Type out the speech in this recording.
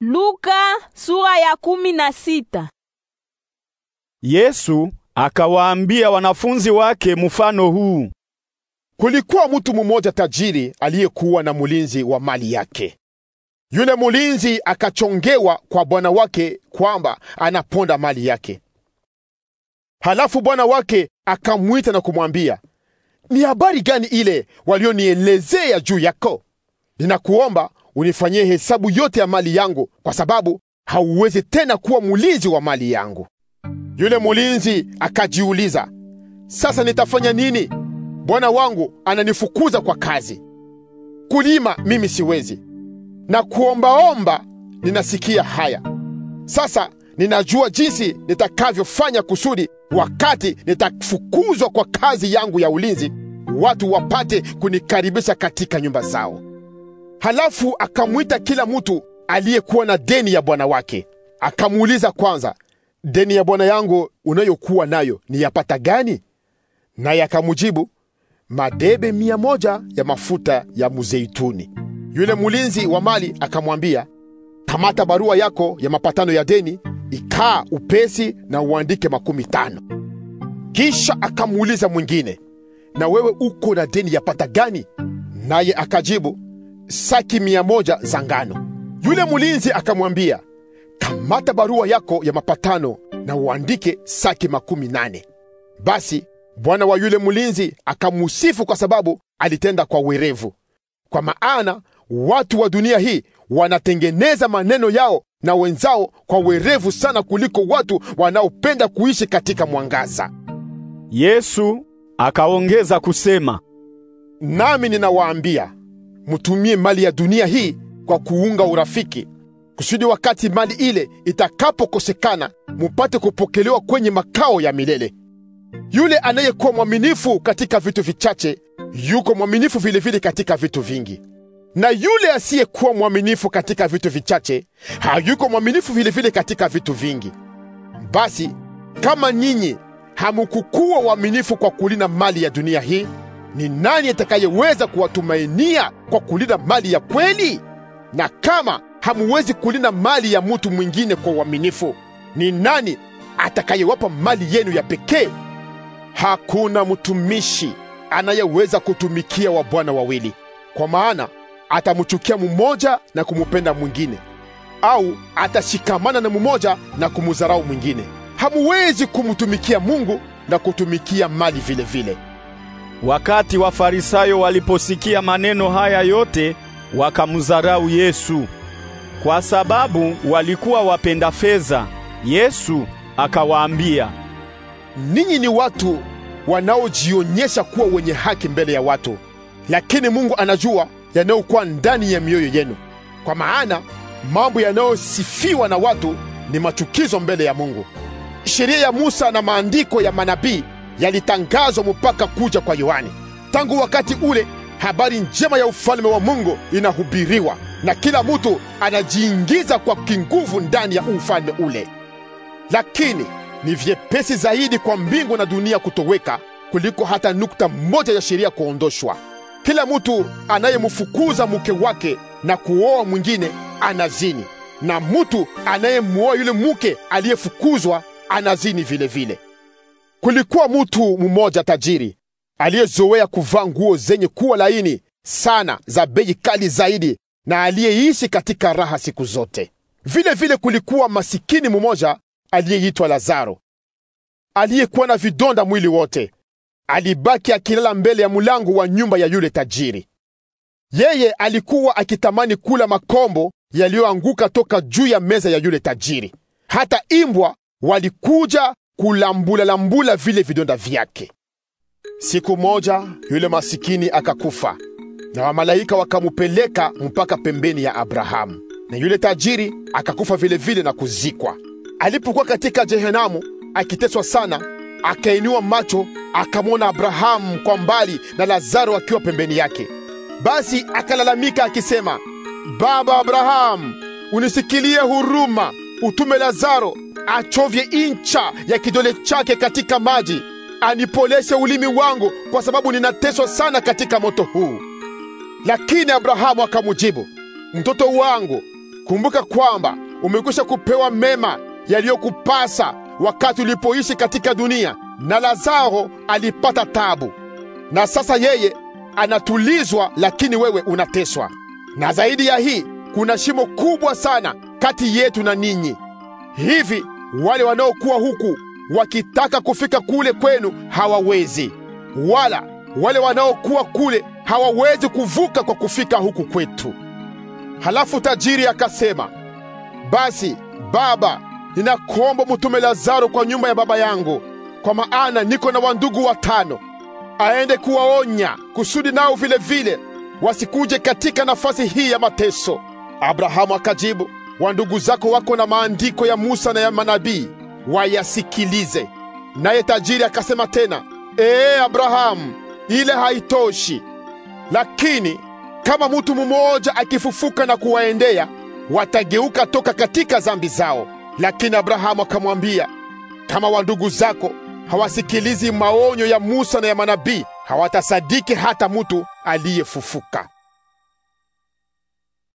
Luka sura ya kumi na sita. Yesu akawaambia wanafunzi wake mfano huu: kulikuwa mtu mmoja tajiri aliyekuwa na mulinzi wa mali yake. Yule mulinzi akachongewa kwa bwana wake kwamba anaponda mali yake. Halafu bwana wake akamwita na kumwambia, ni habari gani ile walionielezea juu yako? Ninakuomba unifanyie hesabu yote ya mali yangu, kwa sababu hauwezi tena kuwa mulinzi wa mali yangu. Yule mulinzi akajiuliza, sasa nitafanya nini? Bwana wangu ananifukuza kwa kazi. Kulima mimi siwezi, na kuombaomba ninasikia haya. Sasa ninajua jinsi nitakavyofanya kusudi wakati nitafukuzwa kwa kazi yangu ya ulinzi, watu wapate kunikaribisha katika nyumba zao. Halafu akamwita kila mtu aliyekuwa na deni ya bwana wake, akamuuliza kwanza, deni ya bwana yangu unayokuwa nayo ni yapata gani? Naye akamjibu, madebe mia moja ya mafuta ya muzeituni Yule mulinzi wa mali akamwambia, kamata barua yako ya mapatano ya deni, ikaa upesi na uandike makumi tano. Kisha akamuuliza mwingine, na wewe uko na deni yapata gani? Naye akajibu saki mia moja za ngano. Yule mlinzi akamwambia, kamata barua yako ya mapatano na uandike saki makumi nane. Basi bwana wa yule mlinzi akamusifu kwa sababu alitenda kwa werevu, kwa maana watu wa dunia hii wanatengeneza maneno yao na wenzao kwa werevu sana kuliko watu wanaopenda kuishi katika mwangaza. Yesu akaongeza kusema, nami ninawaambia mutumie mali ya dunia hii kwa kuunga urafiki, kusudi wakati mali ile itakapokosekana mupate kupokelewa kwenye makao ya milele. Yule anayekuwa mwaminifu katika vitu vichache yuko mwaminifu vilevile vile katika vitu vingi, na yule asiyekuwa mwaminifu katika vitu vichache hayuko mwaminifu vilevile vile katika vitu vingi. Basi kama nyinyi hamukukuwa waaminifu kwa kulinda mali ya dunia hii ni nani atakayeweza kuwatumainia kwa kulinda mali ya kweli? Na kama hamuwezi kulinda mali ya mtu mwingine kwa uaminifu, ni nani atakayewapa mali yenu ya pekee? Hakuna mtumishi anayeweza kutumikia wabwana wawili, kwa maana atamchukia mmoja na kumupenda mwingine, au atashikamana na mmoja na kumudharau mwingine. Hamuwezi kumtumikia Mungu na kutumikia mali vilevile vile. Wakati Wafarisayo waliposikia maneno haya yote, wakamdharau Yesu kwa sababu walikuwa wapenda fedha. Yesu akawaambia, ninyi ni watu wanaojionyesha kuwa wenye haki mbele ya watu, lakini Mungu anajua yanayokuwa ndani ya mioyo yenu, kwa maana mambo yanayosifiwa na watu ni machukizo mbele ya Mungu. Sheria ya Musa na maandiko ya manabii yalitangazwa mpaka kuja kwa Yohani. Tangu wakati ule habari njema ya ufalme wa Mungu inahubiriwa na kila mtu anajiingiza kwa kinguvu ndani ya ufalme ule. Lakini ni vyepesi zaidi kwa mbingu na dunia kutoweka kuliko hata nukta moja ya sheria kuondoshwa. Kila mtu anayemfukuza mke wake na kuoa mwingine anazini, na mtu anayemwoa yule mke aliyefukuzwa anazini vilevile vile. Kulikuwa mtu mmoja tajiri aliyezoea kuvaa nguo zenye kuwa laini sana za bei kali zaidi na aliyeishi katika raha siku zote. Vile vile kulikuwa masikini mmoja aliyeitwa Lazaro aliyekuwa na vidonda mwili wote. Alibaki akilala mbele ya mlango wa nyumba ya yule tajiri. Yeye alikuwa akitamani kula makombo yaliyoanguka toka juu ya meza ya yule tajiri. Hata imbwa walikuja lambula vile vidonda vyake. Siku moja yule masikini akakufa, na wamalaika wakamupeleka mpaka pembeni ya Abrahamu, na yule tajiri akakufa vile vile na kuzikwa. Alipokuwa katika Jehenamu akiteswa sana, akainua macho akamwona Abrahamu kwa mbali na Lazaro akiwa pembeni yake. Basi akalalamika akisema, Baba Abrahamu, unisikilie huruma, utume Lazaro achovye incha ya kidole chake katika maji, anipoleshe ulimi wangu, kwa sababu ninateswa sana katika moto huu. Lakini Abrahamu akamujibu, mtoto wangu, kumbuka kwamba umekwisha kupewa mema yaliyokupasa wakati ulipoishi katika dunia, na Lazaro alipata tabu, na sasa yeye anatulizwa, lakini wewe unateswa. Na zaidi ya hii, kuna shimo kubwa sana kati yetu na ninyi. Hivi wale wanaokuwa huku wakitaka kufika kule kwenu hawawezi, wala wale wanaokuwa kule hawawezi kuvuka kwa kufika huku kwetu. Halafu tajiri akasema, basi baba, ninakuomba mutume Lazaro kwa nyumba ya baba yangu, kwa maana niko na wandugu watano, aende kuwaonya kusudi nao vile vile wasikuje katika nafasi hii ya mateso. Abrahamu akajibu wa ndugu zako wako na maandiko ya Musa na ya manabii wayasikilize. Naye tajiri akasema tena, ee Abrahamu, ile haitoshi, lakini kama mtu mmoja akifufuka na kuwaendea, watageuka toka katika zambi zao. Lakini Abrahamu akamwambia, kama wandugu zako hawasikilizi maonyo ya Musa na ya manabii, hawatasadiki hata mtu aliyefufuka.